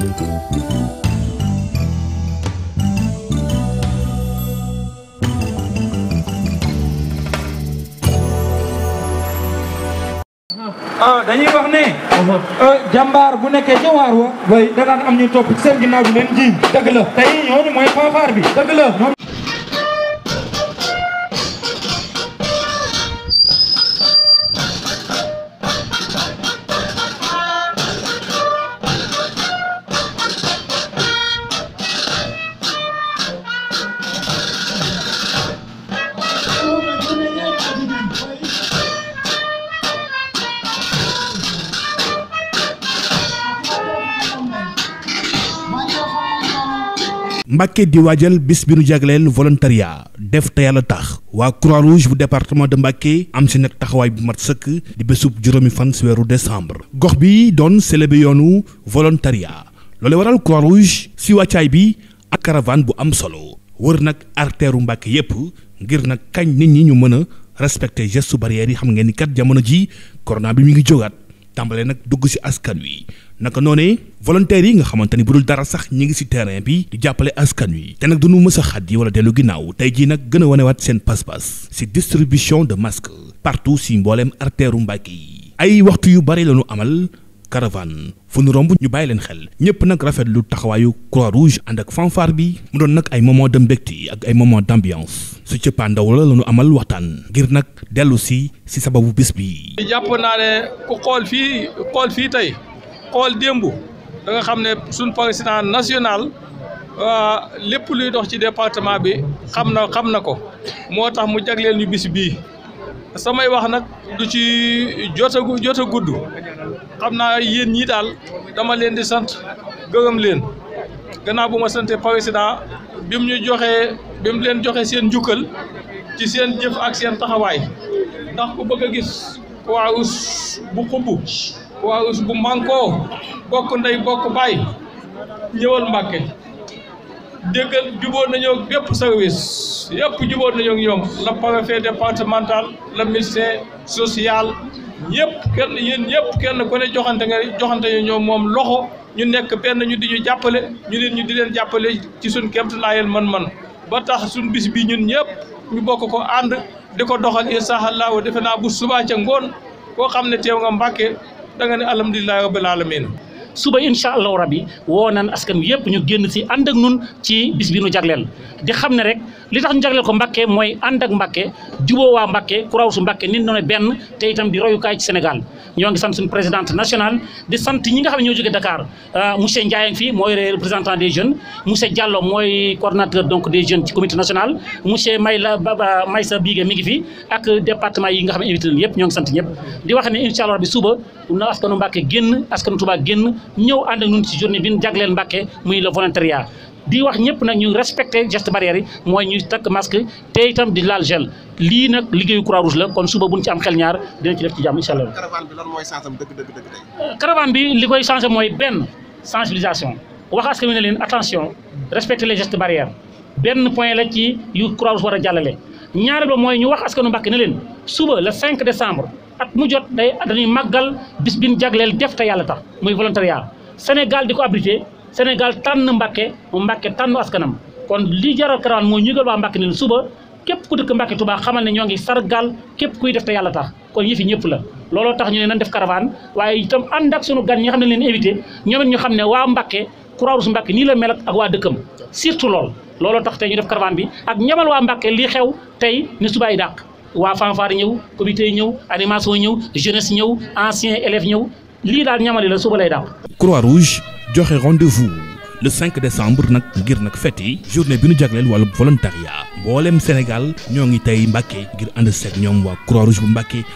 Ah, dañuy wax ne. Ah, jàmbaar bu nekkee ca waar wa. waaye da daan am ñu topp seen ginnaaw bi leen ji. dëgg la tey mooy fanfare bi. dëgg la. Mbàkke di waajal bis bi nu jagleel volontariat def te yàlla tax waa croix rouge bu département de Mbàkke am si nag taxawaay bu mat sëkk di bésub juróomi fan si weeru décembre gox bi doon célébrer yoonu volontariat loole waral croix rouge si wàccaay bi ak caravane bu am solo wër nag arteeru Mbàkke yépp ngir nag kañ nit ñi ñu mën a respecter gestes barrières yi xam ngeen ni kat jamono ji corona bi mu ngi jógaat tàmbale nag dugg si askan wi naka noonee volontaires yi nga xamante ni bu dul dara sax ñi ngi ci terrain bi di jàppale askan wi te nag du ñu mës a yi wala dellu ginnaaw tey jii nag gën a wanewaat seen pas-pas ci distribution de masques partout ci mbooleem artère u Mbàkke yi ay waxtu yu bari lañu amal caravane fu nu romb ñu bàyyi leen xel ñëpp nag rafetlu taxawaayu croix rouge ànd ak fanfare bi mu doon nag ay moment de mbégte ak ay moment d'ambiance su cëppaa ndaw la lañu amal waxtaan ngir nag dellu si si sababu bis bi xool démb da nga xam ne suñ président national euh, lépp luy dox ci département bi xam na xam na ko moo tax mu jagleel ñu bis bii samay wax nag du ci jot a jot a gudd xam naa yéen ñii daal dama leen di sant gërëm leen gannaaw bu ma sante président bi mu ñu joxe bi mu leen joxe seen njukkal ci seen jëf ak seen taxawaay ndax ku bëgg a gis waaw bu xubbu croix bu mànkoo bokk ndey bokk baay ñëwal Mbàkke déggal jubóo nañoo yëpp service yëpp jubóo nañoo ak ñoom la préfet départemental la ministère social ñëpp kenn yéen ñëpp kenn ku ne joxante joxante ñoom moom loxo ñu nekk benn ñu di ñu jàppale ñu leen ñu di leen jàppale ci suñ kemt laayeen man-man ba tax suñ bis bi ñun ñëpp ñu bokk ko ànd di ko doxal incha allah defe naa bu subaa ca ngoon koo xam ne teew nga Mbàkke da nga ne alhamdulilah rabbil alamin suba incha allahu rabi woo naan askan wi yëpp ñu génn si ànd ak nun ci bis bi nu jagleel di xam ne rek li tax ñu jagleel ko Mbàkke mooy ànd ak Mbàkke juboo waa Mbàkke kuraaw su Mbàkke nit noone benn te itam di royukaay ci Sénégal ñoo ngi sant suñu présidente national di sant ñi nga xam ne ñoo jógee Dakar euh, monsieur Ndiaye fii mooy représentant de jeunes monsieur Diallo mooy coordonnateur donc des jeunes ci comité national monsieur Mayla Baba Maysa Bigué mi ngi fi ak département yi nga xam ne invité yëpp ñoo ngi sant ñëpp di wax ne incha allah suba na askanu génn askanu génn ñëw ànd ak ñun ci journée bi ñu jagleel Mbàkke muy le volontariat di wax ñëpp nag ñu respecté geste barrière yi mooy ñuy takk masque tey itam di laal gel lii nag liggéeyu croix rouge la kon suba buñ ci am xel ñaar dina ci def ci jàmm incha allah. caravane bi mooy changé am dëgg bi li koy changé mooy benn sensibilisation wax askan wi ne leen attention respecté les gestes barrières benn point la ci yu croix rouge war a jàllale ñaareel ba mooy ñu wax askanu Mbàkke ne leen suba le 5 décembre. at mu jot day dañuy màggal bis bin jagleel def te yàlla tax muy volontariat Sénégal di ko abrité Sénégal tànn Mbàkke mu Mbàkke tànn askanam kon li jaral karawaan moo ñu gël waa Mbàkke ne suba képp ku dëkk Mbàkke Tuubaa xamal ne ñoo ngi sargal képp kuy def te yàlla tax kon fi ñëpp la looloo tax ñu ne nan def caravane waaye itam ànd ak sunu gan ñi xam ne leen invité ñoom ñu xam ne waa Mbàkke Croix-Rouge Mbàkke nii la mel ak waa dëkkam surtout lool looloo tax ñu def caravane bi ak ñamal waa Mbàkke lii xew tey ni subaay dàq waa fanfare ñëw comité ñëw animation ñëw jeunesse ñëw anciens élèves ñëw lii daal ñamali la suba lay daaw. Croix Rouge joxe rendez-vous le 5 décembre nag ngir nag fête yi journée bi nu jagleel wàllu volontariat mboolem Sénégal ñoo ngi tey Mbàkke ngir ànd seeg ñoom waa Croix Rouge bu Mbàkke.